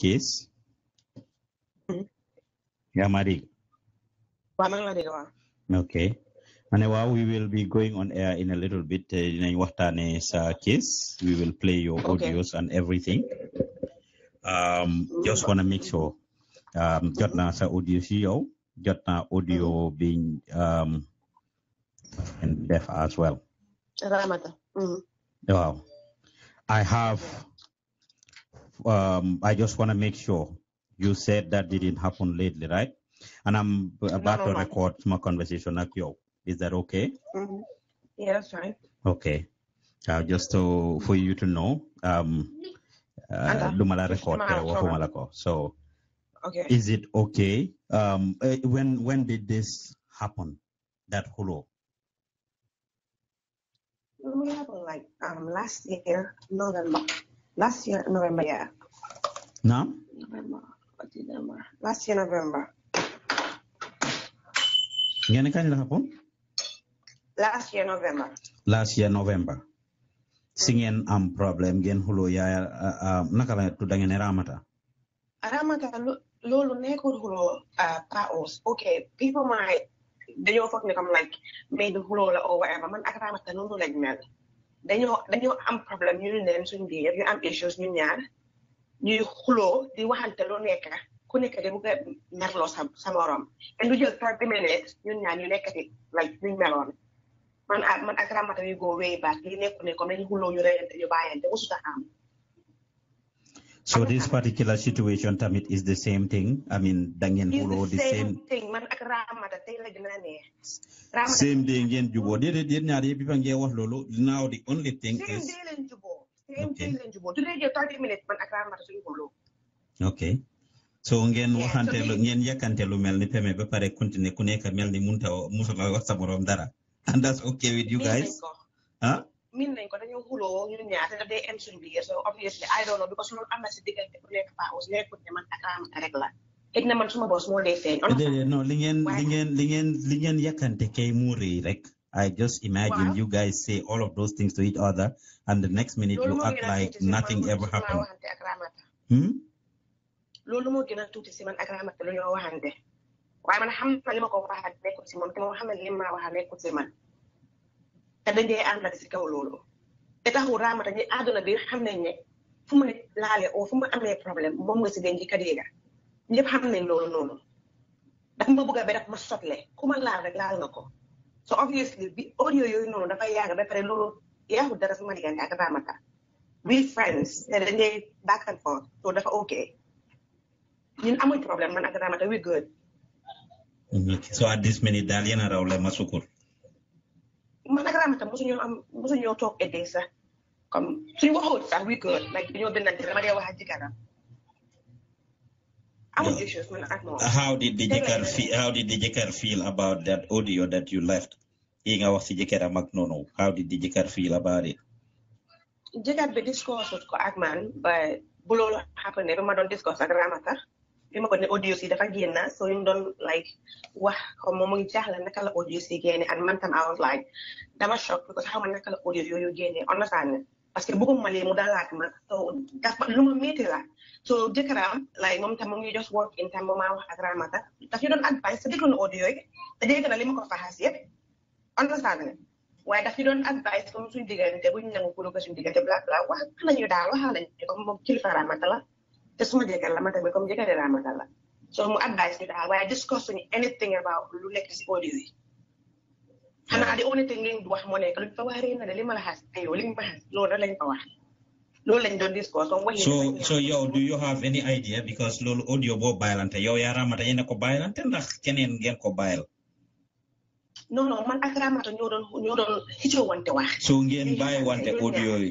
case. Mm-hmm. Okay. And now we will be going on air in a little bit. Eh, in Iwatane's uh, case, we will play your okay. audios and everything. Um, just want to make sure. Um, audio si Got audio mm-hmm. being um, and deaf as well. Ramata. Ah. Mm-hmm. Wow. I have um, I just want to make sure you said that didn't happen lately, right? And I'm about no, no, to record no. my conversation with you. Is that okay? Mm-hmm. Yeah, that's right. Okay. Uh, just to, for you to know, um, uh, lumala record So, okay. is it okay? Um, eh, when when did this happen? That hulo? We happened like um, last year, November. last year November. Yeah. No. November. What November. Last year November. Gani kani hapon? Last year November. Last year November. Singen am problem gen hulo ya uh, eh, uh, eh, nakala ya, tudangen ramata. Ramata ne kur hulo uh, eh, paos. Okay, people might they all come like made the hulo or whatever. Man akramata lolo like mel. dañoo dañoo am problème ñu neen suñ biir ñu am issues ñu ñaar ñuy xuloo di waxante lu nekk ku nekk di bëgg a merloo sa sa morom te du jël trente minutes ñun ñaar ñu nekkati like ñu meloon man ak man ak ramata yu góor wéy baat li nekku ne comme dañu xuloo ñu reyante ñu bàyyante wasut a am So this particular situation tamit is the same thing. I mean, dangin ngeen the same thing man ak Ramata tey la gën a neex. same thing, ngeen juboo di di ñaar yëpp ba ngeen wax loolu now the only thing is. same day leen juboo. same day leen juboo today jee 30 minutes man ak Ramata suñu xuloo. ok so ngeen waxante lu ngeen yàkkante lu mel peme ba pare continuer ku nekk mel ni munta musuma wax sa morom dara and that's okay with you guys. huh? miin ko dañoo xuloo ñun ñaar te daf day am suñu biir so obviously I don't know because loolu am na si diggante bu nekk paa aussi nekkul ne man ak Ramata rek la xëy na man suma boos moo dee feeñ. Eh, eh, eh, non li ngeen li ngeen li ngeen li ngeen yàkkante kay rek. I just imagine wow. you guys say all of those things to each other and the next minute you act like nothing ever happened. Hmm? na te dañ dañuy àndal si kaw loolu te taxul raamata ñi àdduna bi xam nañ ne fu mu laale oo fu mu amee problème moom nga si denc kadiga ñëpp xam nañ loolu noonu ma bëgg a ma sotle ku ma laal rek laal ko so obviously bi audio yooyu noonu dafay yàgg ba pare loolu yaaxul dara sama diggante ak raamata we friends te dañuy dafa ok ñun problème man ak raamata we mm-hmm. ma sukur man ak ramata musuñu am musuñu toog aidé sax comme suñu waxul sax we good like dañoo bindante dama dee wax ak jikaram How did the jikar feel? How did the jikar feel about that audio that you left? Inga wax ci jikar ak nono. How did the jikar feel about it? Jikar be discuss ko ak man, but bu happen ne dama don discuss ak Ramata. Ah. bi ma ko ne audios yi dafa génn so ñu doon like wax comme moom mu ngi jaaxle naka la audios yi génne and man tam I was like dama shock ma naka la audios yooyu génne understand parce que bëgguma ma so dafa lu ma métti la so jëkkëram like moom tam mu ngi just work in tam ma wax ak Ramata daf ñu doon advice te déglu na audio yi te na li ma ko faxas yëpp understand waaye daf ñu doon advice comme suñu diggante bu ñu nangu ko suñu diggante bla bla wax nañu daal waxaa lañu ko moom kilifa Ramata la te suma jëkkër la man tamit comme jëkkër laa ma la so mu advice bi daal waaye discuss ñu anything about lu nekk si audio yi xanaa di only thing liñ fa wax rek na li ma la xas ma xas loolu lañ fa wax loolu lañ doon discuss comme wax so so yow do you have any idea because loolu audio boo bàyyilante yow yaa Ramata yéen a ko bàyyilante ndax keneen ngeen ko bàyyil non non man ak Ramata ñoo doon ñoo doon xëccoo wante wax so ngeen bàyyi wante audio yi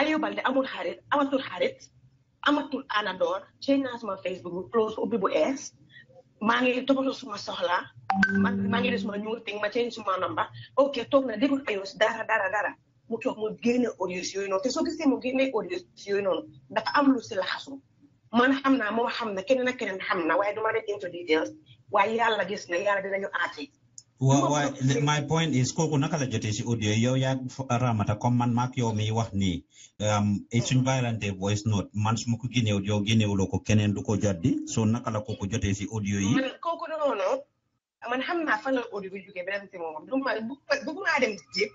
ayo Balde amul xarit amatul xarit amatul anador change naa sama Facebook bu close ubi bu es ma ngi tobatu suma soxla man maa ngi def suma ñuul ting ma change suma namba ok tok na degul ayos dara dara dara mu tok mu gene audios yoy non te so gisee mu gene audios yoy non dafa am lu si laxasu man xamna mo xamna xam keneen ak keneen xamna waye duma def into details waye yàlla gis na yàlla dinañu aati waaw waaw my point is kooku naka la jotee si audio yow yaa ramata comme man maak yow mi wax nii um, suñ bàyyilante mm-hmm. voice note man suma ma ko génneewul yow génneewuloo ko keneen du ko jàddi soo naka la kooku jotee si audio yi. man kooku noonu man xam naa fan audio bi jógee si moom du ma bëgguma dem jéem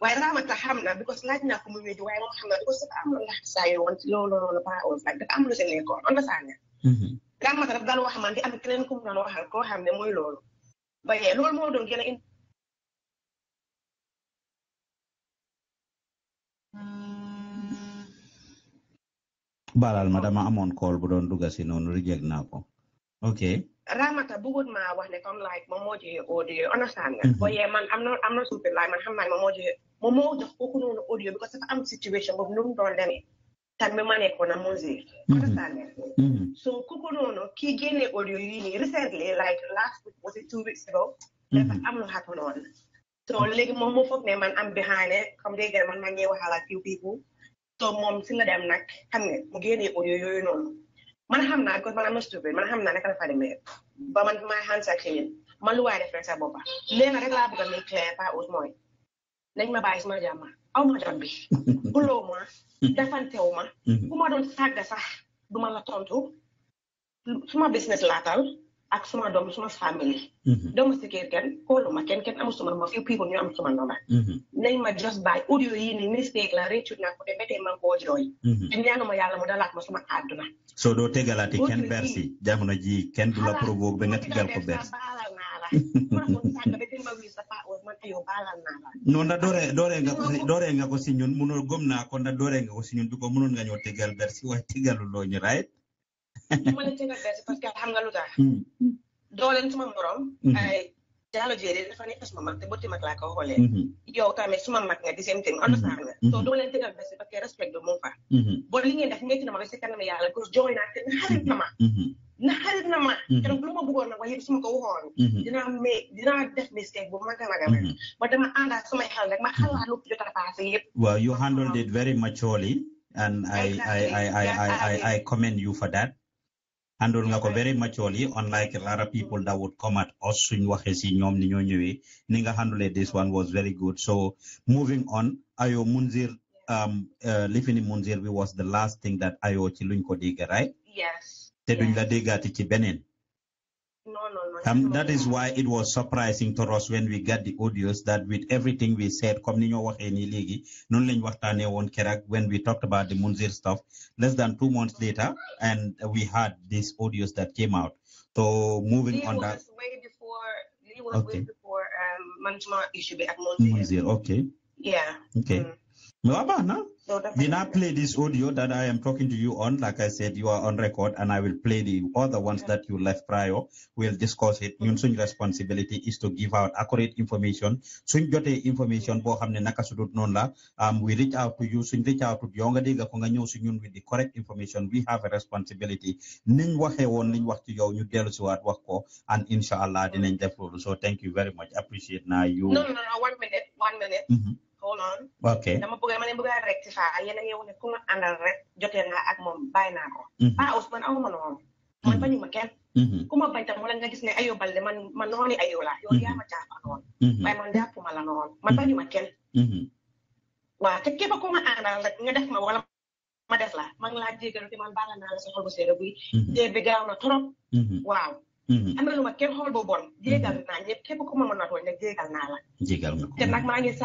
waaye ramata xam na because laaj naa ko mu wéeji waaye moom xam na because na am loolu loolu am lu seen nekkoon on na saa ne. ramata dafa daan wax man di am keneen ku mu daan waxal koo xam ne mooy loolu. baye lol mo doon gëna in balal ma dama amone call bu doon duga ci noonu reject nako. ko ok ramata bëggoon ma wax ne comme like mo mo jëlee audio understand nga bo yee man am na am na like man xam na mo mo jëlee mo mo jox ko noonu audio because dafa am situation boobu nu doon demee tan be mane ko na music understand mhm. mm so koko nono ki gene audio yini recently like last week was it two weeks ago dafa am lu happen on so legi mom mo fogg ne man am behind it comme dege man ma ñew xala few people so mom si la dem nak xam nga mu gene audio yoyu noonu man xam naa because man am stupid man xam naa naka la fa demee ba man my hands are clean man lu waay def rek sa boppa léegi rek laa bëgg a mi clair pas autre mooy nañ ma bàyyi suma jàmmaa aw ma jot bi buloo ma defantewu mm-hmm. ma bu ma doon sàgga sax duma la tontu suma business laatal ak suma doom suma family dama si kër kenn kóolu ma kenn kenn amul suma ma few people ñu am suma nomba mm-hmm. nañ ma just bàyyi audio yi ni mistake la réccu naa ko te métee man koo jooy mm-hmm. te ñaanuma yàlla mu dalaat ma suma àdduna soo doo tegalaati kenn bersi jamono ji kenn du la provoque ba nga tegal ko bersi no nda dore dore dorenga ko siñun munol gomna ko dore dorenga ko siñun du ko munon nga ñoo tegal bersi way tegalulo ñu right mo la tegal bersi parce que xam nga lu tax doolen suma morom ay jalo jere dafa nekk suma mag te botti mag laa ko xoolee yow tamit suma mag nga di same thing understand nga so doolen tegal bersi parce que respect do mo fa bon li ngeen def ngeen ci dama ci kanam yàlla ko joy naa te xarit na Well, na ma lu ma bëggoon ko waxoon def mistake bu mag a mag a dama ànd ak samay xel rek ma xalaat lu jot a passé yëpp waaw you handled it very maturely and I I I I I commend you for that handle nga ko very maturely unlike a lot of people that would come at us suñ waxee si ñoom ni ñoo ñëwee ni nga this one was very good so moving on ayo munzir um uh, living in munzir was the last thing that ayo ci luñ ko dégg right yes te duñ la déggaati ci beneen. Um, that is why it was surprising to us when we got the audios that with everything we said, comme ni ñoo waxee nii léegi noonu lañ waxtaanee when we talked about the Munzir stuff less than two months later and we had these audios that came out. So moving Lee on that. Way before, Lee was okay. way before um, management issue at Munzir. Munzir, okay. Yeah. Okay. Mm. No, Abana. So when I play this audio that I am talking to you on, like I said, you are on record, and I will play the other ones yeah. that you left prior. We'll discuss it. Ñun suñ responsibility is to give out accurate information. Suñ jotee information boo ne naka su la, um, we reach out to you. Suñ reach out to yow nga dégg with the correct information. We have a responsibility. Niñ waxee woon liñ wax ci yow and inshallah dinañ def So thank you very much. Appreciate na you. No, no, no, one minute, one minute. Mm -hmm. hold on. ok dama bëgg dama leen bëgg a rectifier yéen a ngi wax ne ku ma àndal rek jotee naa ko. ah Ousmane aw ma noonu. man ma kenn. ku ma bañ tam wala nga gis ne Ayoo Balde man la ma jàpp noonu. waaye man jàpp ma la noonu man bañu ma kenn. waaw te képp ku ma àndal rek nga def ma wala ma def la ma ngi laa jégalu man naa la sa na trop. waaw. ma kenn xool bu bon jégal naa ñëpp képp a tooñ nag jégal naa la. jégal nga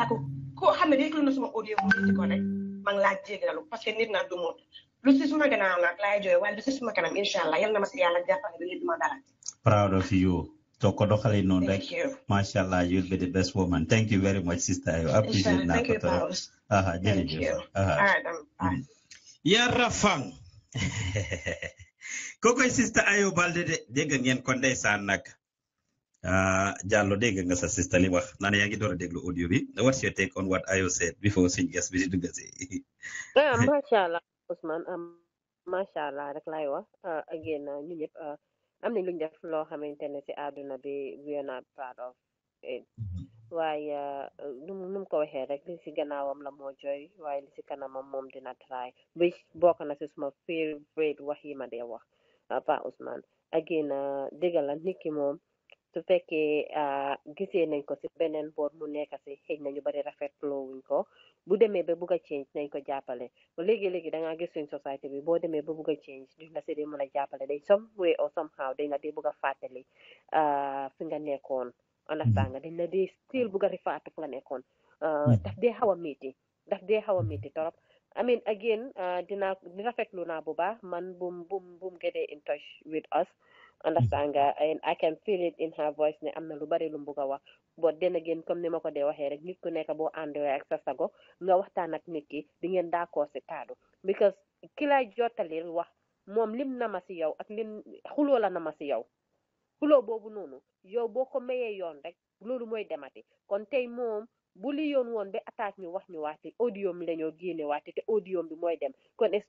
ko te ko xamne lu na suma audio mo ci ko rek mang ngi la jéggalu parce que nit na du mot lu ci suma gënaaw nak lay joy wal lu ci suma kanam inshallah yalla ma ci yalla jappal bi duma dara proud of you to ko doxale non rek mashallah you'll be the best woman thank you very much sister i appreciate na ko aha jërëjëf aha hmm. ya rafang kokoy sister ayo balde de dégg ngeen ko ndeysaan nak Ah, Diallo dégg nga sa sista li wax naan yaa ngi door a déglu audio bi what's your take on what Ayo said before suñ gas bi si dugg si. ah macha allah Ousmane ah, macha allah rek laay wax ah, again ñu ñëpp am nañ lu ñu def loo xamante ne si àdduna bi we are mm-hmm. waaye nu mu ko waxee rek li si gannaawam la moo jooy waaye li si kanamam moom dina try which bokk na si suma favorite wax yi ma de wax Pa Ousmane again dégg la nit ki moom. su fekkee ah, gisee nañ ko si beneen boor mu nekk si xëy nañu bari rafetloo wuñ ko bu demee ba bugg a change nañ ko jàppale léegi-léegi dangaa gis suñ société bi boo demee ba bugg a change duñ la si dee mën a jàppale day some way or somehow dañ la bugg a fàttali ah, fi nga nekkoon understand nga mm-hmm. dañ la dee still bugg a rifaatu fu nga nekkoon ah, mm-hmm. daf dee xaw a miiti daf dee xaw a miiti mm-hmm. torop I mean again dinaa rafetlu naa bu baax man bum bum bum getee in touch with us understand nga I can feel it in her voice ne am na lu bari lu mbugg a wax but then again comme ni ma ko dee waxee rek nit ku nekk boo àndee ak sa sago nga waxtaan ak nit ki di ngeen d'accord si kaddu because ki lay jottalil wax moom lim na ma si yow ak lim xuloo la na ma si yow xuloo boobu noonu yow boo ko mayee yoon rek loolu mooy demati kon tey moom bu li yoon woon ba attaque ñu wax ñu wàcce audio mi dañoo génne wàcce te bi mooy dem kon it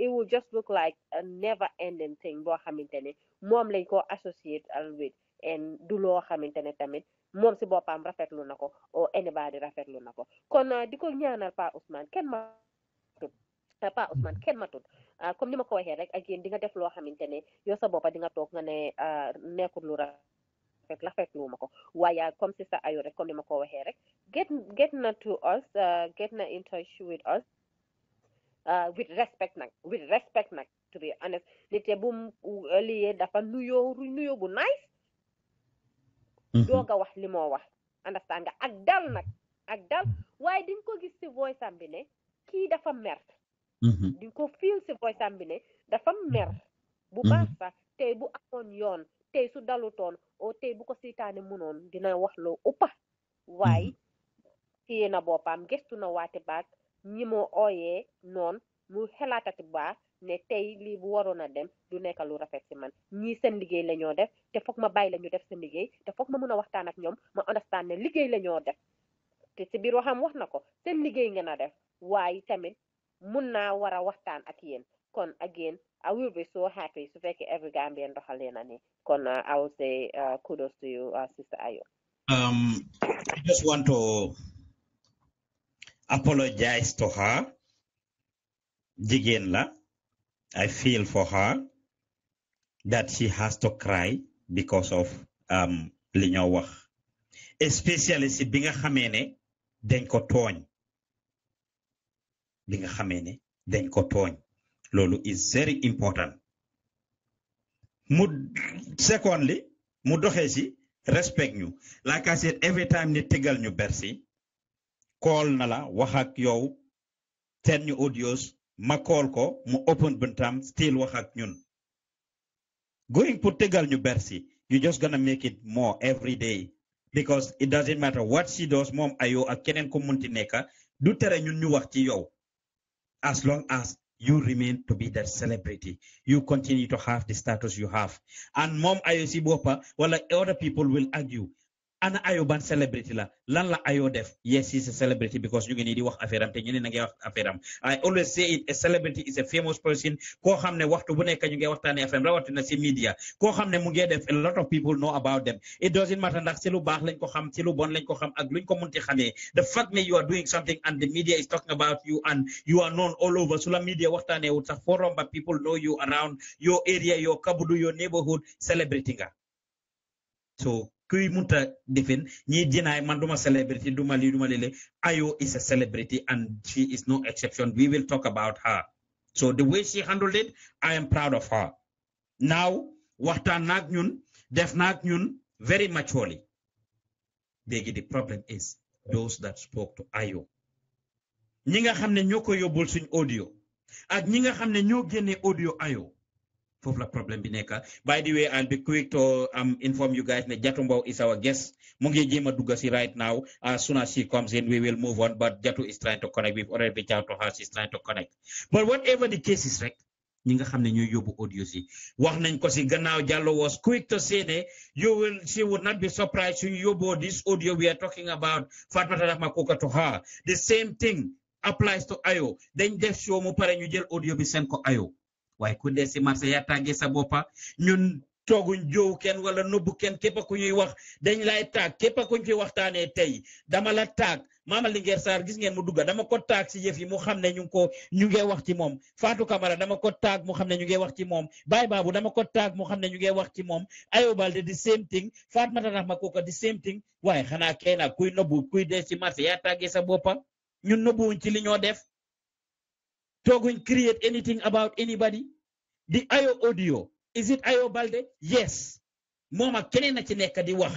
it will just look like never ending thing boo xamante ne moom lañ ko associate with and du loo xamante ne tamit moom si boppam rafetlu na ko o anybody rafetlu na ko kon ah, di ko ñaanal Pa Ousmane kenn ma ah, Pa Ousmane kenn matut ah, comme ni ma ko waxee rek ak yéen di nga def loo xamante ne yow sa boppa di nga toog nga ne nekkul lu rafet rafet rafetlu ma ko waaye comme sista ayu rek comme ni ma ko waxee rek get get na to us uh, get na in touch with us uh, with respect nag with respect nag to be honest nit bu liyee dafa nuyoo nuyoo bu nice mhm. dooga wax li moo wax understand nga ak dal nag ak dal waaye di ko gis si voice am kii dafa mer mhm. di ko feel si voice am dafa mer mhm. bu baax sax bu amoon yoon tey su dalutoon oo oh, tey bu ko seytaane mënoon dina wax loo uppa waaye mm-hmm. téye na boppam gëstu na waati baag ñi moo ooyee noon mu xelaatati baax ne tey lii bu waroon a dem du nekk lu rafet si man ñii seen liggéey lañoo def te foog ma bàyyi la ñu def seen liggéey te foog ma mën a waxtaan ak ñoom ma understand ne liggéey la ñoo def te si biir waxam wax na ko seen liggéey ngeen a def waaye tamit mun naa war a waxtaan ak yéen kon ak yéen I will be so happy to make every Gambian Bahalenani. Uh, I will say uh, kudos to you, uh, Sister Ayo. Um, I just want to apologize to her. Jigenla, I feel for her that she has to cry because of um, wax especially si binga hamene then ne binga ko then bi ko loolu is very important mu secondly mu respect ñu like I said every time ni tëggal ñu bersi call na la wax ak yow ten ñu audios ma call ko mu open buntam still wax ak ñun going pour tëggal ñu bersi you just gonna make it more every day because it doesn't matter what she does mom ayoo ak keneen ko munti nekka du tere ñun ñu wax ci yow as long as you remain to be that celebrity. You continue to have the status you have. And Mom Ayosi Bopa, well, like other people will argue, ana ayo ban celebrity la lan la ayo def yes he's a celebrity because ñu ngi nii di wax affaire am te ñu na ngay wax affaire am I always say it a celebrity is a famous person koo xam ne waxtu bu nekk ñu ngi waxtaanee affaire am rawatina si media koo xam ne mu ngi def a lot of people know about them it doesn't matter ndax si lu baax lañ ko xam si lu bon lañ ko xam ak luñ ko munti xamee the fact that you are doing something and the media is talking about you and you are known all over Sula media waxtaanee wut sax forum ba people know you around your area your kabudu your neighborhood celebrity nga so kuy munta defin ñi deny man duma celebrity duma li duma lele ayo is a celebrity and she is no exception we will talk about her so the way she handled it i am proud of her now waxtaan naag ñun def naag ñun very maturely léegi the problem is those that spoke to ayo ñi nga xam ne ñoo suñ audio ak ñi nga xam ne ñoo génnee audio ayo bi by the way and be quick to um, inform you guys ne Jatumbo is our guest mu ngi jéem si right now as soon as she comes in we will move on but Jatu is trying to connect we've already reached out to her she's trying to connect but whatever the case is rek ñi nga ne ñooy audio si wax nañ ko si gannaaw was quick to say ne you will she would not be surprised suñu yóbboo this audio we are talking about Fatoumatta Daf to her the same thing applies to Ayo dañ def show mu pare ñu jël audio bi ko Ayo waaye ku dee si marché yaa tàggee sa boppa ñun tooguñ jow kenn wala nobu kenn képp ku ñuy wax dañ lay taag képp ku ñu fi waxtaanee tey dama la taag Mama linger Sarr gis ngeen mu dugga dama ko taag si yëf yi mu xam ne ñu ngi ko ñu ngi wax ci moom Fatou Camara dama ko taag mu xam ne ñu ngi wax ci moom bay Babu dama ko taag mu xam ne ñu ngi wax ci moom Ayo Balde di same thing Fatmata ma kooka di same thing waaye xanaa kay kuy nobbu kuy dee si marché yaa tàggee sa boppa ñun nobbuwuñ ci li ñoo def not going to create anything about anybody. The IO audio, is it IO Balde? Yes. Moma ak na ci nekk di wax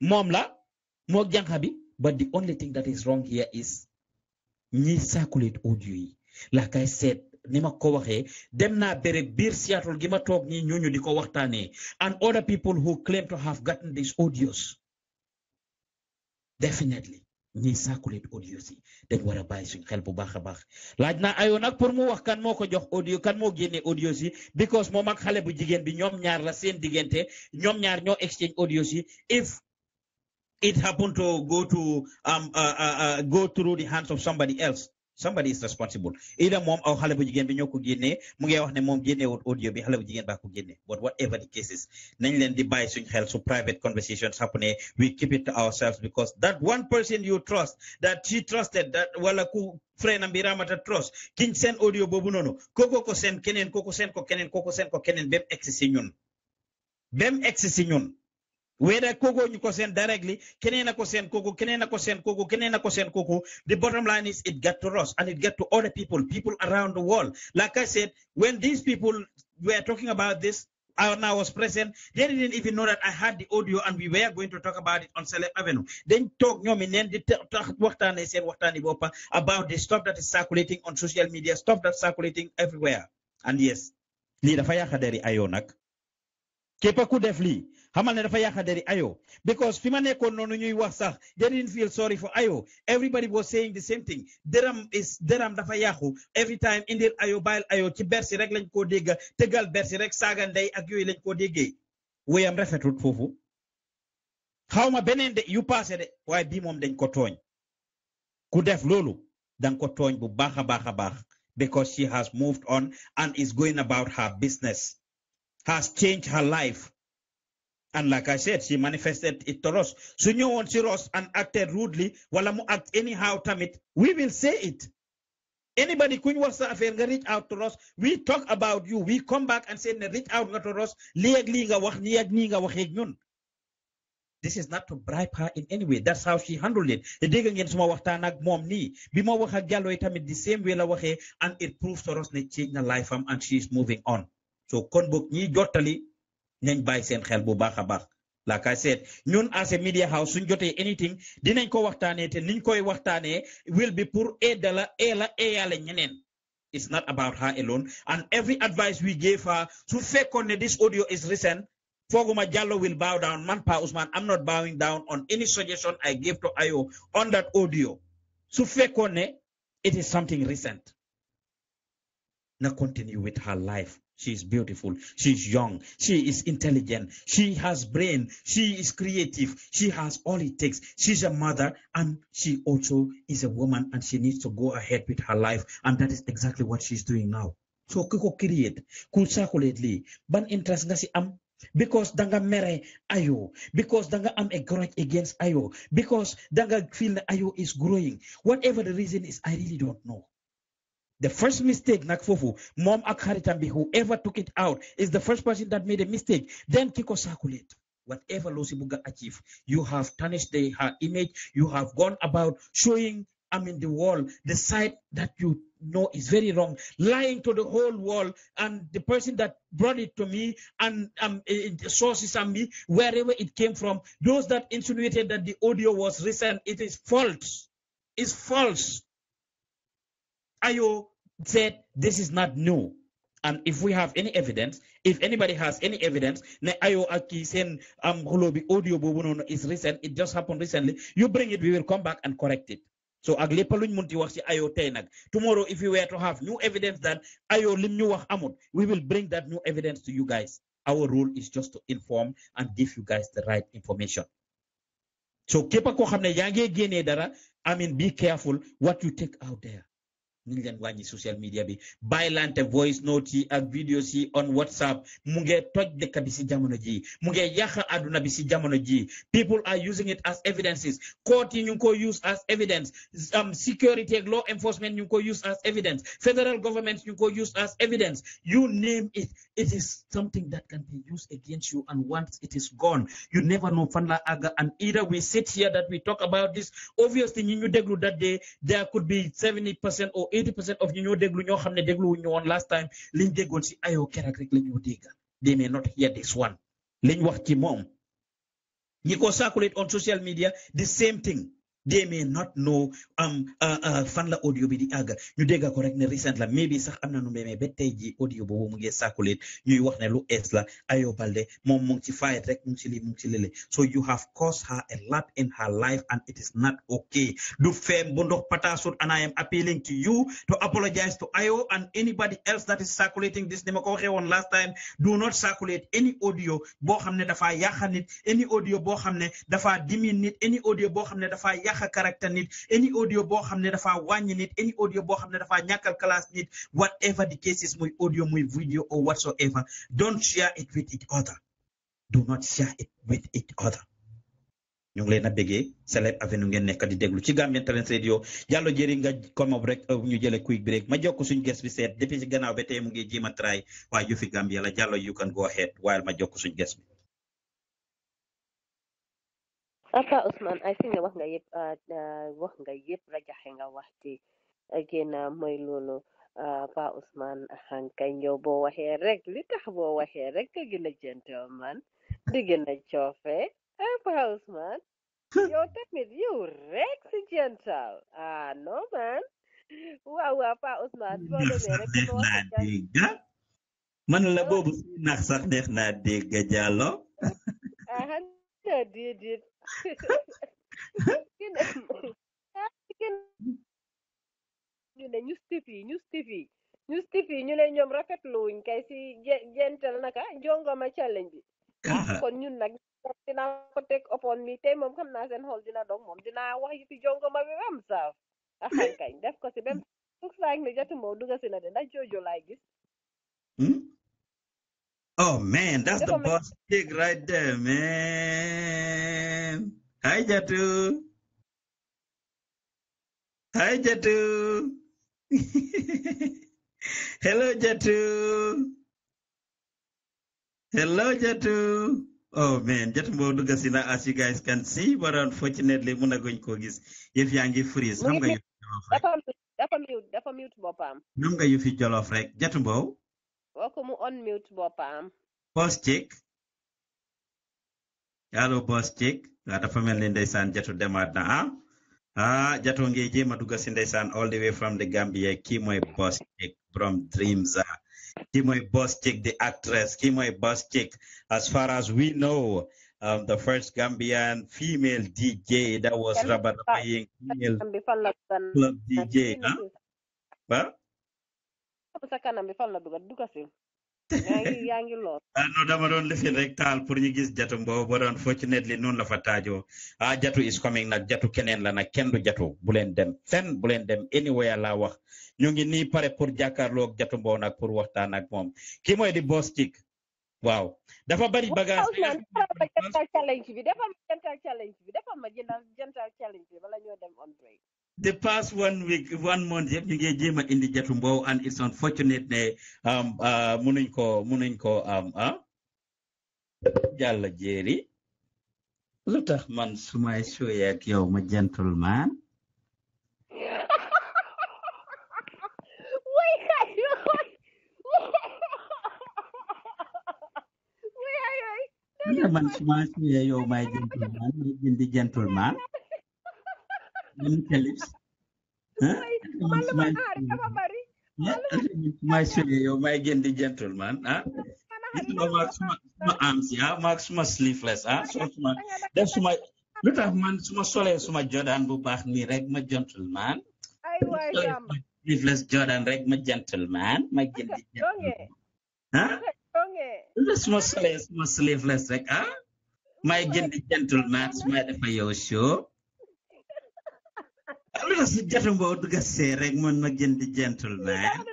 moom la but the only thing that is wrong here is ñi circulate audio like I said ni ma ko waxee dem naa béréb biir Seattle gi ñi ñooñu di ko waxtaanee and other people who claim to have gotten these audios definitely ñuy circulate audio si dañ war a bàyyi suñ xel bu baax a baax laaj naa ayoo nag pour mu wax kan moo ko jox audio kan mo génne audio si because moom ak xale bu jigéen bi ñoom ñaar la seen diggante ñoom ñaar ñoo exchange audio si if it happen to go to um, uh, uh, uh go through the hands of somebody else somebody is responsible either mom or xale jigen jigéen bi ñoo ko génnee mu ngi wax ne moom génneewut audio bi xale bu jigéen ko génne but whatever the cases nañ leen di bàyyi suñ xel su private conversations happen we keep it to ourselves because that one person you trust that she trusted that wala ku freinam bi ramata trust kiñ seen audio boobu noonu kooko ko seen keneen kooko seen ko keneen kooko seen ko keneen bem egsi si ñun bem egsi si ñun whether koko you send directly, kenena ko send koko, kenena ko send koko, kenena ko send koko. The bottom line is it got to us and it got to other people, people around the world. Like I said, when these people were talking about this, and I was present, they didn't even know that I had the audio and we were going to talk about it on Celeb Avenue. Then talk about the stuff that is circulating on social media, stuff that's circulating everywhere. And yes, li dafa yaxa dari ayo nak. Kepa ku def li xamal ne dafa ayo because fi ma nekkoon noonu ñuy wax sax they didn't feel sorry for ayo everybody was saying the same thing deram is deram dafa yàqu every time indil ayo bile ayo ci bersi rek lañ koo dégga tëggal bersi rek saaga ndey ak yooyu lañ koo déggee wéyam rafetul foofu xaw ma beneen de yu paase de waaye bii moom dañ ko tooñ ku def loolu danga ko tooñ bu baax a baax a baax because she has moved on and is going about her business has changed her life and like I said, she manifested it to us. you want to us and acted rudely wala mu act anyhow tamit we will say it. Anybody who wants to affaire nga reach out to us, we talk about you we come back and say ne reach out to us. lii ak lii nga wax nii ak This is not to bribe her in any way. That's how she handled it. tamit the same way la and it proves to that she changed her life and she is moving on. So kon ñi jottali nañ seen xel bu baax like I said ñun as a media house suñ jotee anything dinañ ko waxtaanee te niñ koy waxtaanee will be pour aide la ee la eeyale ñeneen it's not about her alone and every advice we gave her su fekkoon ne this audio is recent Foguma Jallo will bow down. man, Pa Usman, I'm not bowing down on any suggestion I gave to Ayo on that audio. Sufekone, it is something recent. Now continue with her life she is beautiful. She is young. She is intelligent. She has brain. She is creative. She has all it takes. She's a mother and she also is a woman and she needs to go ahead with her life. And that is exactly what she's doing now. So ko create, ku calculate ban interest nga si am because danga mere ayo because danga am a grudge against ayo because danga feel ayo is growing whatever the reason is i really don't know the first mistake, Nakfufu, Mom Akharitambi, whoever took it out, is the first person that made a mistake. Then Kiko circulate. Whatever Losibuga achieved, you have tarnished the, her image. You have gone about showing, I mean, the world, the side that you know is very wrong, lying to the whole world and the person that brought it to me and um, it, eh, eh, sources on me, wherever it came from, those that insinuated that the audio was recent, it is false. It's false. IO said this is not new. And if we have any evidence, if anybody has any evidence, na IO aki saying um holobi audio bobuno is recent, it just happened recently. You bring it, we will come back and correct it. So ak munti wax tomorrow if we were to have new evidence that IO lim ñu amut, we will bring that new evidence to you guys. Our role is just to inform and give you guys the right information. So kepa ko xamne ya ngey dara, I mean be careful what you take out there ñu ngi leen wàññi social media bi bàyyilante voice note yi ak videos yi on whatsapp mu ngee toj dëkk bi si jamono jii mu ngee yàq àdduna bi si jamono jii people are using it as evidences court yi ñu ngi ko use as evidence am security ak law enforcement ñu ngi ko use as evidence federal government ñu ngi ko use as evidence you name it it is something that can be used against you and once it is gone you never know fan la àgg and either we sit here that we talk about this obviously ñi ñu déglu that day there could be 70 percent or 80% of ñu ñoo déglu ñoo xam deglu dégluwuñ ñu last time liñ déggoon si ayoo kerak rek la they may not hear this one liñ wax ci moom ñiko circulate on social media the same thing they may not know um uh uh fan la audio bi di àgg ñu dégg ko rek ne recent la maybe sax am na nu demee ba tey ji audio boobu mu ngi circulate ñuy wax ne lu ees la Ayo Balde moom mu ci fight rek mu ngi ci lii mu ci lële so you have caused her a lot in her life and it is not okay du fem bu ndox pataasut and I am appealing to you to apologize to Ayo and anybody else that is circulating this ni ma ko waxee woon last time do not circulate any audio boo xam ne dafaa any audio boo xam ne dafaa dimi nit any audio boo xam ne yàq caractère nit any audio boo xam ne dafa wàññi nit any audio boo xam ne dafa ñàkkal class nit whatever the case is muy audio muy video or whatsoever don't share it with each other do not share it with each other ñu ngi leen a bëggee Celeb Avenue ngeen nekk di déglu ci Gambian Talents Radio Jallow jëri nga come up rek euh, ñu jële quick break ma jokk suñu guest bi seet depuis si gannaaw ba tey mu ngi jéem a try waaye yu fi Gambia la Jallow you can go ahead while ma jokk suñu guest bi Apa Usman, I think wah nga eh, wah wah eh, eh, nga hingga wah di, nga wax ci gina Usman loolu Pa Ousmane hankay yow boo waxee rek gentleman di gën apa Usman, ah tak Ousmane yow tamit gentle ah no man wah wah apa Usman boo demee rek man la nak sak nax sax neex Ya dia dia. ñu ne ñu stif yi ñu stif yi ñu stif yi ñu ne ñoom rafetlu wuñ kay si jentel naka njongoma challenge bi kon ñun nag dinaa ko teg upon mi tey moom xam naa seen xool dina dog moom dinaa wax yi si jongoma bi bam saaf axan kañ def ko si bem suk saag ni jotu moo duga si na de ndax joojo laay gis hmm? Oh man, that's the boss pig right there, man. Hi Jatu. Hi Jatu. Hello Jatu. Hello Jatu. Oh man, Jatu Modu Gasina, as you guys can see, but unfortunately muna going kogis. If yangi freeze, how you? Dafa mute, dafa mute, dafa mute bopam. Nunga you fi jollof rek. Jatu Mbow. Wat kom onmute boppam. Boss Chick allo Boss Chick waaw dafa mel ni ndeysaan jatu demaat na ah ah jatoo ngi jéem a dugg si ndeysaan all the way from the Gambia kii mooy Boss Chick from Dreams ah kii Boss Chick the actress kii mooy Boss Chick as far as we know um, the first Gambian female DJ that was playing female club DJ ah. a kanam bi fan la dugal dugal si yaa ngi yaa ngi lool. ah non dama doon lifin rek taal pour ñu gis jatu boobu fortunately noonu la fa taajoo ah jatu nag jatu keneen la nag kenn du jatu bu leen dem fenn bu leen dem anywhere laa wax ñu ngi nii pare pour jàkkaarloo ak jatu boobu nag pour waxtaan ak moom kii mooy di boss chick waaw dafa bari bagage bi dafa ma jëndal challenge bi dafa ma jëndal challenge bi bala ñoo dem on break the past one week one month yëpp ñu ngi jéem a indi Jatu Mbow and it's unfortunate ne um, uh, munuñ ko munuñ ko am um, ah jàlla jéeri lu tax man su may suyee ak yow ma gentleman man su may suyee yow may gentleman ma indi gentleman my sule yow may gën di gentleman ah Itu maag suma suma arms ya, ah sleeveless ah sol suma def suma lu tax man suma solee suma ma gentleman sleeveless jordan rek ma gentleman ma gentleman eh. eh. ah lu tax suma solee sleeveless ah may gentleman suma ada yow show lu tax si jotu mbaaw dugg a rek man ma gën ah, di gentleman ah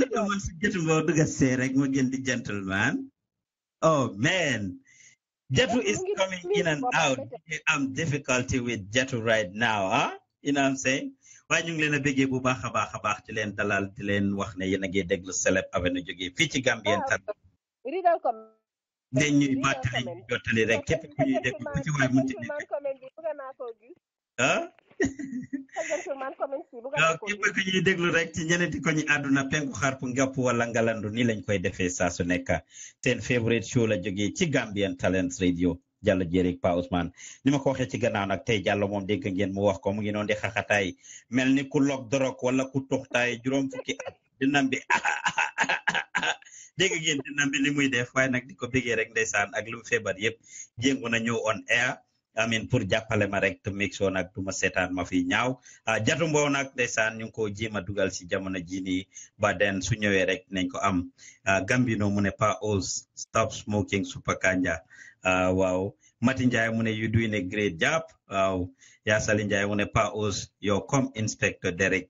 lu tax man si jotu mbaaw dugg a rek ma gën di gentleman oh man Jatu is coming in and out I'm difficulty with Jatu right now ah you know what I'm saying waaye ñu ngi leen a bëggee bu baax a baax a baax di leen dalal di leen wax ne yéen a ngi déglu Celeb Avenue jógee fii ci Gambian tan. dañ ñuy bàttali jottali rek képp ku ñuy déglu ku ci waay mënti dégg ah képp ku ñuy déglu rek ci ñeneenti ko ñi àdduna penku xarpu ngapp wala ngalandu ni lañ koy defee saa su nekk seen favorite show la jógee ci Gambian Talents Radio Jallow Jerry Pa Ousman ni ma ko waxee ci gannaaw nag tey Jallow moom dégg ngeen mu wax ko mu ngi noonu di xaxataay mel ni ku log dorog wala ku tuxtaay jurom fukki at dinam bi dégg ngeen dinam bi li muy def waaye nag di ko bégee rek ndeysaan ak lu mu feebar yëpp na ñëw on air amin pour jàppale ma rek te make nak nag duma seetaan ma fi ñaaw ah, jatu mboo nag ñu ko jéem dugal si jamono ji nii ba den su rek nañ ko am ah, gambino mu ne pa os stop smoking super kanja ah, wow mati njaay mu ne you doing a great job Wow. yaasali njaay mu ne pa os your com inspector Derek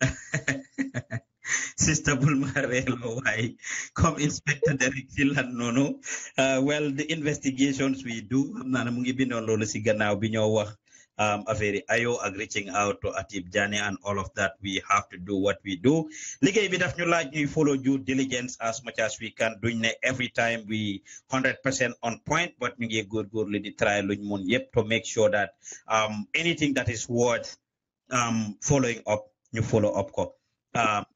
Sister Bulmarello, why? Come Inspector Derek Nono. noonu uh, well the investigations we do I'm xam naa ne mu ngi bindoon loolu si gannaaw bi ñoo wax um, affaire yi ayo ak reaching out to Atib Janneh and all of that we have to do what we do liggéey bi daf ñu laaj ñuy follow due diligence as much as we can duñ ne every time we hundred percent on point but ñu ngi góorgóorlu di try luñ mun yëpp to make sure that um, anything that is worth um, following up ñu follow up ko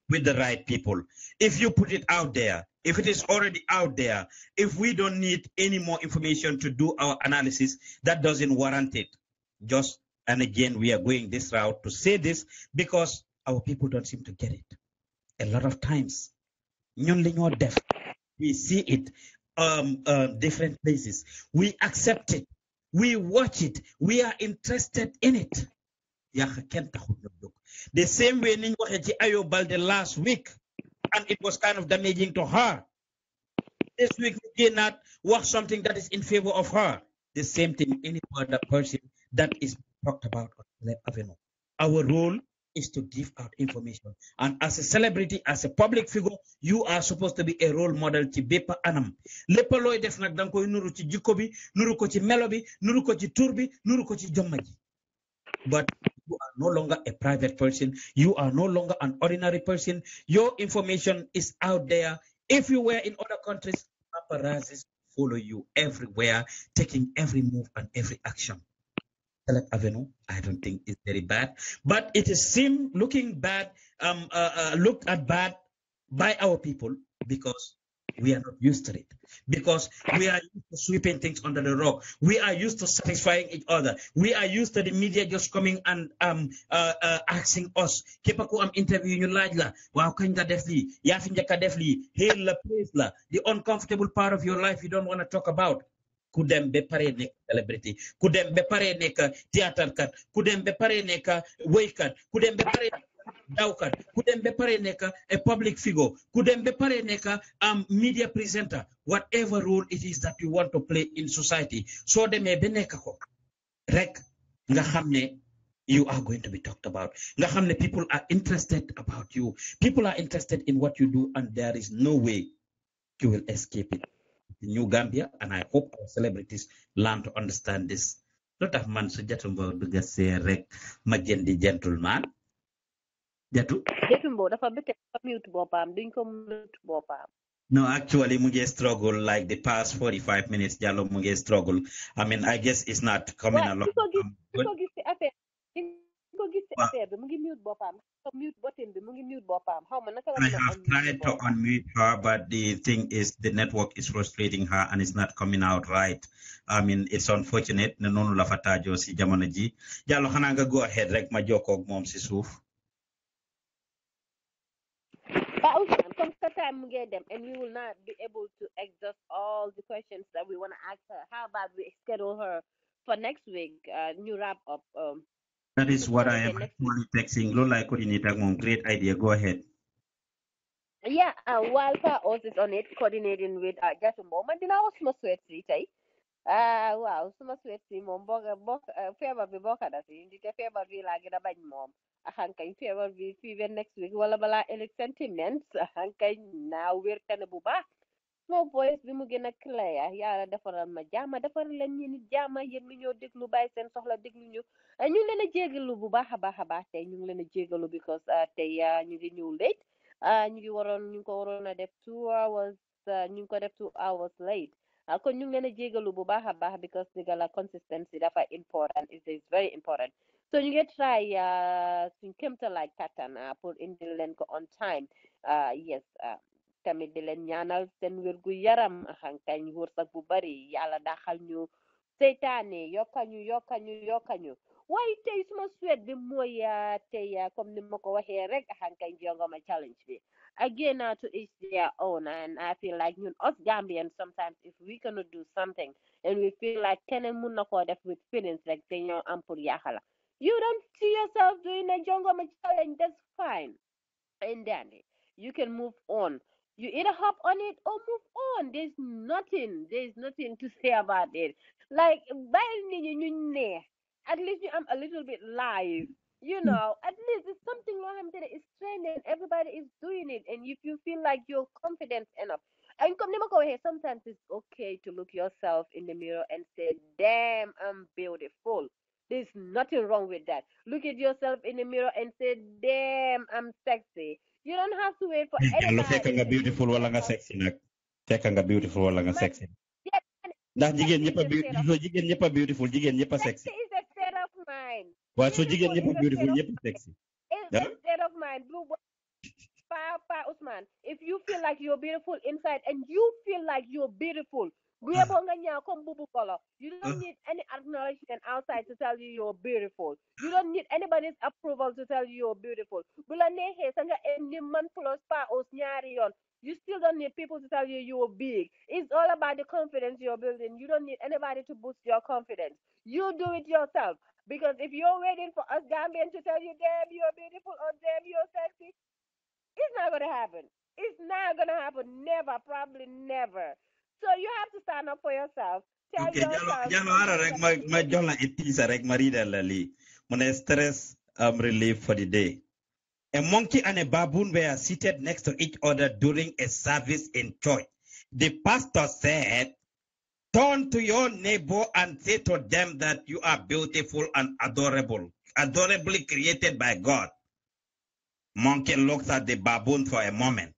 with the right people. If you put it out there, if it is already out there, if we don't need any more information to do our analysis, that doesn't warrant it. Just, and again, we are going this route to say this because our people don't seem to get it. A lot of times, we see it um, uh, different places. We accept it. We watch it. We are interested in it. The same way niñ waxee ci Ayo last week and it was kind of damaging to her. This week ñu génnaat work something that is in favor of her. The same thing any other person that is talked about on the avenue. Our role is to give out information. And as a celebrity, as a public figure, you are supposed to be a role model to bépp anam lépp looy def nag danga koy nuru ci jikko bi nuru ko ci melo bi nuru ko ci tur bi nuru ko ci jomma but you are no longer a private person. You are no longer an ordinary person. Your information is out there. If you were in other countries, paparazzi follow you everywhere, taking every move and every action. Select Avenue, I don't think is very bad, but it is seen looking bad, um, uh, uh, looked at bad by our people because we are not used to it because we are used to sweeping things under the rug. We are used to satisfying each other. We are used to the media just coming and um, uh, uh, asking us, Kepa ko am interviewing you large la, wow, kan nga def li, ya fi njaka def li, hail la, praise la, the uncomfortable part of your life you don't want to talk about. ku dem ba pare nekk celebrity ku dem ba pare nekk théâtre kat ku dem ba pare nekk woykat ku dem ba pare dawkat ku dem ba pare a public figure ku dem be pare a um, media presenter whatever role it is that you want to play in society so demee may be ko rek nga xam ne you are going to be talked about nga xam people are interested about you people are interested in what you do and there is no way you will escape it New Gambia and I hope our celebrities learn to understand this. Lot of man suggestion about the rek, majendi gentleman. No, actually, Muge struggle like the past 45 minutes. Jalo Muge struggle. I mean, I guess it's not coming well, along. Um, I have tried to unmute her, but the thing is, the network is frustrating her and it's not coming out right. I mean, it's unfortunate. Nanono la fatajo Jalo, go ahead. Rek ma jokog mom si but we can come sometime get them, and we will not be able to exhaust all the questions that we want to ask her. How about we schedule her for next week? Uh, new wrap up. Um, that is what I am texting Lola Kodinitagum. Great idea. Go ahead. Yeah, uh, Walter also is on it, coordinating with uh, just a moment. I also must wait say. Ah, wow, Osmo Swetsi, mom, boga, boga, uh, fair about the boga, that's it. You can fair about the lag, mom hankan fever vi fever next week wala bala election timens hankan na wér tane bu baax small boys bi mu gën a clair ah. yàlla defaral ma jaama defaral leen ñi nit jaama yéen ñoo déglu bàyyi seen soxla déglu ñu ah, ñu ngi leen bu baax a baax a ñu ngi leen because ah, tey ñu ngi ñëw late ñu ngi waroon ñu ko waroon a def two hours ñu ko def two hours late kon ñu ngi leen a bu baax baax because dëgg consistency dafa important it is very important so you get try uh sin kemta like uh put in the ko on time uh yes uh tamit di leen ñaanal seen wér gu yaram xankañ wërsëg bu bari yàlla yoka new yoka new yokkañu yokkañu waaye tey suma suwet bi mooy tey comme ni ma ko waxee rek xankañ jongoma challenge bi again uh, to each their own and I feel like ñun us Gambians sometimes if we cannot do something and we feel like keneen mun na koo def with feelings rek dañoo am pour yaaxala you don't see yourself doing a jungle challenge, that's fine. And then you can move on. You either hop on it or move on. There's nothing, there's nothing to say about it. Like at least i am a little bit live. You hmm. know, at least it's something I'm did. It's trending. Everybody is doing it. And if you feel like you're confident enough, and come never go ahead. Sometimes it's okay to look yourself in the mirror and say, damn, I'm beautiful. There's nothing wrong with that. Look at yourself in the mirror and say, damn, I'm sexy. You don't have to wait for anybody. fekk nga beautiful wala nga sexy nag. Fekk nga beautiful wala nga sexy. Ndax Jigen, ñëpp a beautiful, Jigen, ñëpp a beautiful, Jigen, ñëpp a sexy. Sexy is a state of mind. Waaw soo jigéen ñëpp beautiful, ñëpp a sexy. It's a state of mind. Blue Pa, Usman, if you feel like you're beautiful inside and you feel like you're beautiful, Ah. You don't uh. need any acknowledgement outside to tell you you're beautiful. You don't need anybody's approval to tell you you're beautiful. man plus You still don't need people to tell you you're big. It's all about the confidence you're building. You don't need anybody to boost your confidence. You do it yourself. Because if you're waiting for us Gambians to tell you, damn, you're beautiful or damn, you're sexy, it's not going to happen. It's not going to happen. Never, probably never. So you have to stand up for yourself. Tell okay, yourself. jalo ara stress um, relief for the day. A monkey and a baboon were seated next to each other during a service in church. The pastor said, Turn to your neighbor and say to them that you are beautiful and adorable, adorably created by God. Monkey looks at the baboon for a moment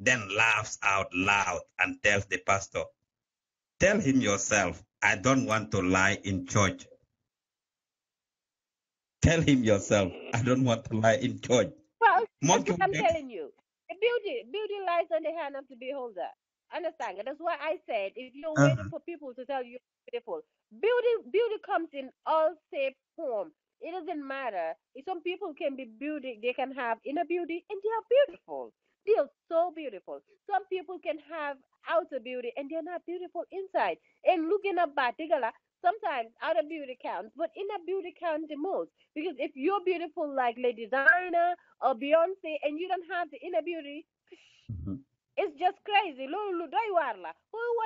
then laughs out loud and tells the pastor, Tell him yourself, I don't want to lie in church. Tell him yourself, I don't want to lie in church. Well, I'm telling you, beauty, beauty lies on the hand of the beholder. Understand? That's why I said, if you're uh-huh. waiting for people to tell you beautiful, beauty, beauty comes in all shape, form. It doesn't matter. If some people can be beauty, they can have inner beauty, and they are beautiful still so beautiful. Some people can have outer beauty and they're not beautiful inside. And looking at particular, sometimes outer beauty counts, but inner beauty counts the most. Because if you're beautiful like Lady Diana or Beyonce and you don't have the inner beauty, mm-hmm. it's just crazy. Who want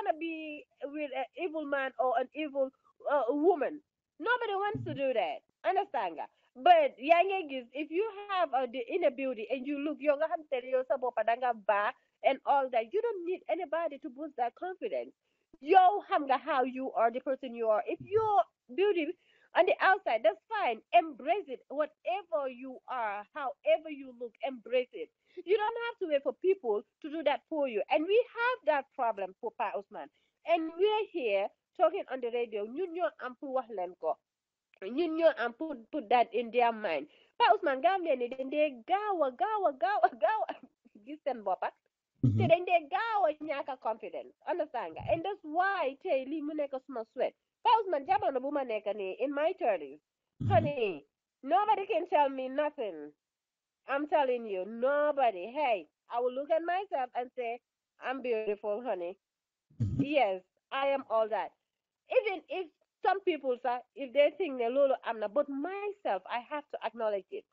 to be with an evil man or an evil uh, woman? Nobody wants to do that. Understand? That? But yang is if you have uh, the inner beauty and you look young, padanga ba and all that, you don't need anybody to boost that confidence. Yo, hamga how you are, the person you are. If you're beauty on the outside, that's fine. Embrace it. Whatever you are, however you look, embrace it. You don't have to wait for people to do that for you. And we have that problem for Pa man. And we're here talking on the radio. Union Ampu Wahlenko union and put put that in their mind But Usman, gaaw leen ni dañ they gawa gawa gawa gawa. gaaw a gaaw a gis seen te dañ dee confidence understand nga and that's why tey lii mu nekk suma sweat But Usman, jamono no buma nekk ni. in my thirties mm-hmm. honey nobody can tell me nothing I'm telling you nobody hey I will look at myself and say I'm beautiful honey mm-hmm. yes I am all that even if some people say if they think they're Lolo Amna, but myself, I have to acknowledge it.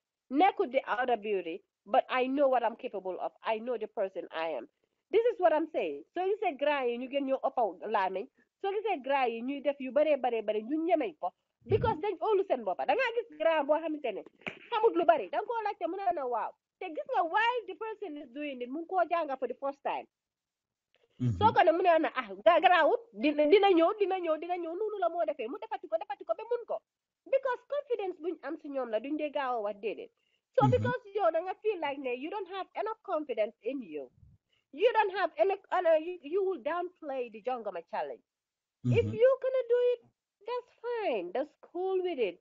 with the outer beauty, but I know what I'm capable of. I know the person I am. This is what I'm saying. So you say crying, you get your upper laming. So you say crying, you def you bare bare bare, you nyamay ko. Because dañ óolu seen boppa da ngaa gis grand boo xamante ne xamut lu bari da nga go like the ne la waaw te gis nga why the person is doing it mu jànga for the first time Mm-hmm. So, ko ne mu ne na ah ga garaawut dina dina ñëw dina ñëw dina ñëw nunu la mo defee mu defati ko defati ko ba mun ko because confidence buñ am si ñoom la duñ dee gaaw a wax so mm-hmm. because yow da nga feel like ne you don't have enough confidence in you you don't have enough you you will downplay the jungle my challenge mm-hmm. if you gonna do it that's fine that's cool with it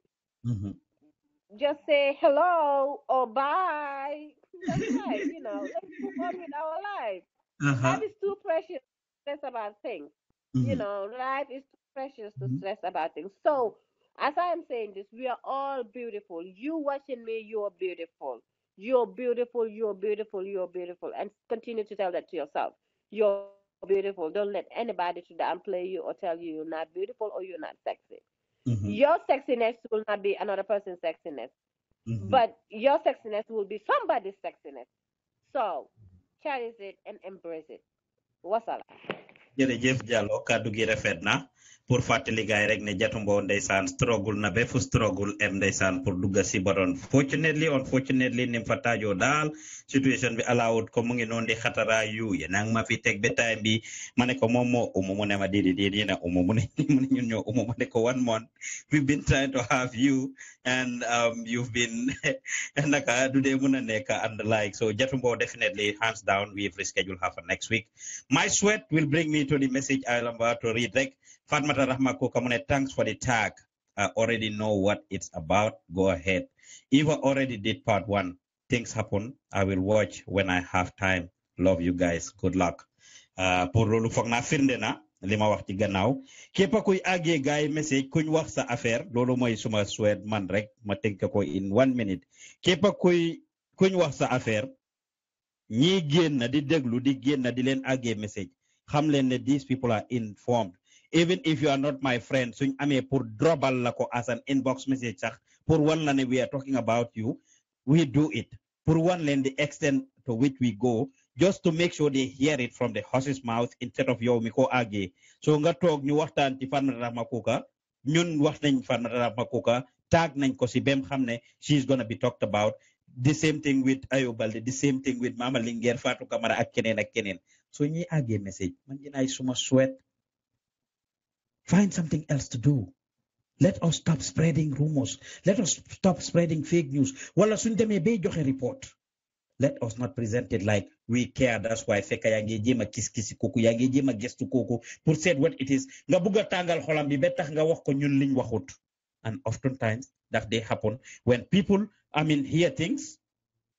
just say hello or bye. That's right, you know. Let's move on with our life. Uh-huh. Life is too precious to stress about things. Mm-hmm. You know, life is too precious to mm-hmm. stress about things. So, as I am saying this, we are all beautiful. You watching me, you're beautiful. You're beautiful, you're beautiful, you're beautiful. And continue to tell that to yourself. You're beautiful. Don't let anybody to downplay you or tell you you're not beautiful or you're not sexy. Mm-hmm. Your sexiness will not be another person's sexiness, mm-hmm. but your sexiness will be somebody's sexiness. So Cherish it and embrace it. Wassalam jërëjëf Diallo kàddu gi rafet na pour fàttali gaay rek ne Jatumbo ndeysaan struggle na ba struggle em ndeysaan pour dugga si baron fortunately unfortunately ni mu fa taajoo daal situation bi alaawut ko mu ngi noonu di xatara yu yenang ma fi teg ba time bi ma ne ko moom moo umu mu ne ma déedéet déedéet yéen umu mu ne mu ne ñun ñoo umu ma ne ko one month we've been trying to have you and um, you've been naka du dee mun a nekk and like so Jatumbo definitely hands down we've rescheduled her for next week my sweat will bring me Tony message I'm about to read. Like Fatmata Rahma Kokamune, thanks for the tag. I already know what it's about. Go ahead. Eva already did part one. Things happen. I will watch when I have time. Love you guys. Good luck. Uh, pour loolu foog naa firnde na li ma wax ci gannaaw képp kuy àggee gaay message kuñ wax sa affaire loolu mooy suma souhait man rek ma tënk ko in one minute képp kuy kuñ wax sa affaire ñii génn di déglu di génn di leen àggee message xam leen ne these people are informed even if you are not my friend suñ I pour drobal la ko as an inbox message sax pour wan la ne we are talking about you we do it pour wan leen the extent to which we go just to make sure they hear it from the horse's mouth instead of your miko age so nga toog ñu waxtaan ci Fatoumata Makuka ñun wax nañ Fatoumata Makuka tag nañ ko si bem xam she's she is gonna be talked about the same thing with Ayobalde. the same thing with Mama Linguère Fatou kamara ak keneen ak so ñuy àggee message man dinaay suma sweat find something else to do let us stop spreading rumors let us stop spreading fake news wala suñ demee bay joxe report let us not present it like we care that's why fekk yaa ngi jéem a kis kisi kooku yaa ngi jéem a gestu kooku pour seet what it is nga bugg a tàngal xolam bi ba tax nga wax ko ñun liñ waxut and oftentimes that they happen when people I mean hear things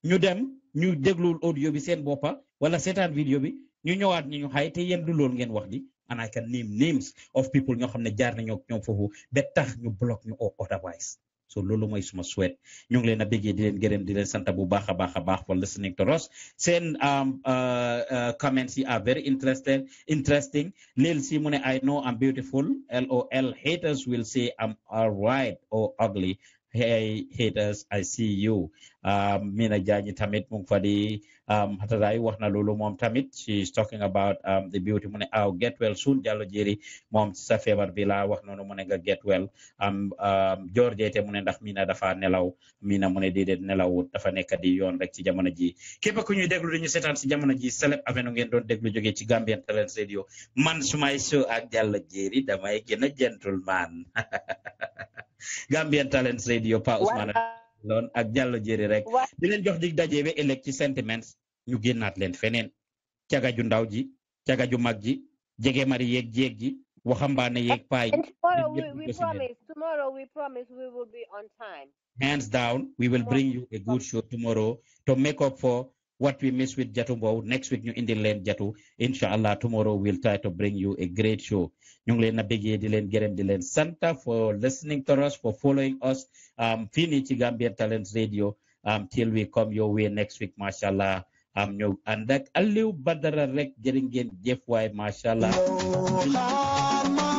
ñu dem ñu déglul audio bi seen boppa wala seetaan video bi ñu ñëwaat ñu ñu xay te yéen du loolu ngeen wax di and I can name names of people ñoo xam ne jaar nañoo ak ñoom foofu ba tax ñu block ñu or otherwise so loolu mooy suma souhait ñu ngi leen a béggee di leen gërëm di leen sant bu baax a baax for listening to us send um, uh, uh, comments yi are very interested interesting lil si mu ne I know I'm beautiful LOL haters will say I'm alright or ugly Hey haters, I see you. Um, Mina Jani Tamit mung fadi. um, Hatarai Wahna Lulu Mom Tamit, she's talking about um, the beauty money. I'll get well soon, Jalo Jiri, Mom Safevar Villa, Wahno Monega get well. Um, um, George Temunenda Mina Dafa Nelaw, Mina Mone did Nelaw, Dafaneka di Yon, Rexi ji. Kepa Kunyu Deglu in Setan ji. Celeb Avenongen don't Deglu Jogi Gambian Talent Radio. Man Sumaiso Ak Jalo Jiri, Damai Gena Gentleman. Gambian Talents Radio Pa Ousmane loon ak Diallo Jeri rek di leen jox dig daje ba ëllëg ci sentiments ñu génnaat leen feneen caga ju ndaw ji caga ju mag ji jege mari yeeg jeeg ji waxambaane yeeg paay tomorrow we promise we will be on time hands down we will bring you a good show tomorrow to make up for what we miss with Jatu next week in Indian land Jatu Inshallah, allah tomorrow we'll try to bring you a great show di gërëm di santa for listening to us for following us Um, nii ci Talents Radio um, till we come your way next week macha allah am um, ànd that Alieu Badara rek jërë ngeen jëf waay allah.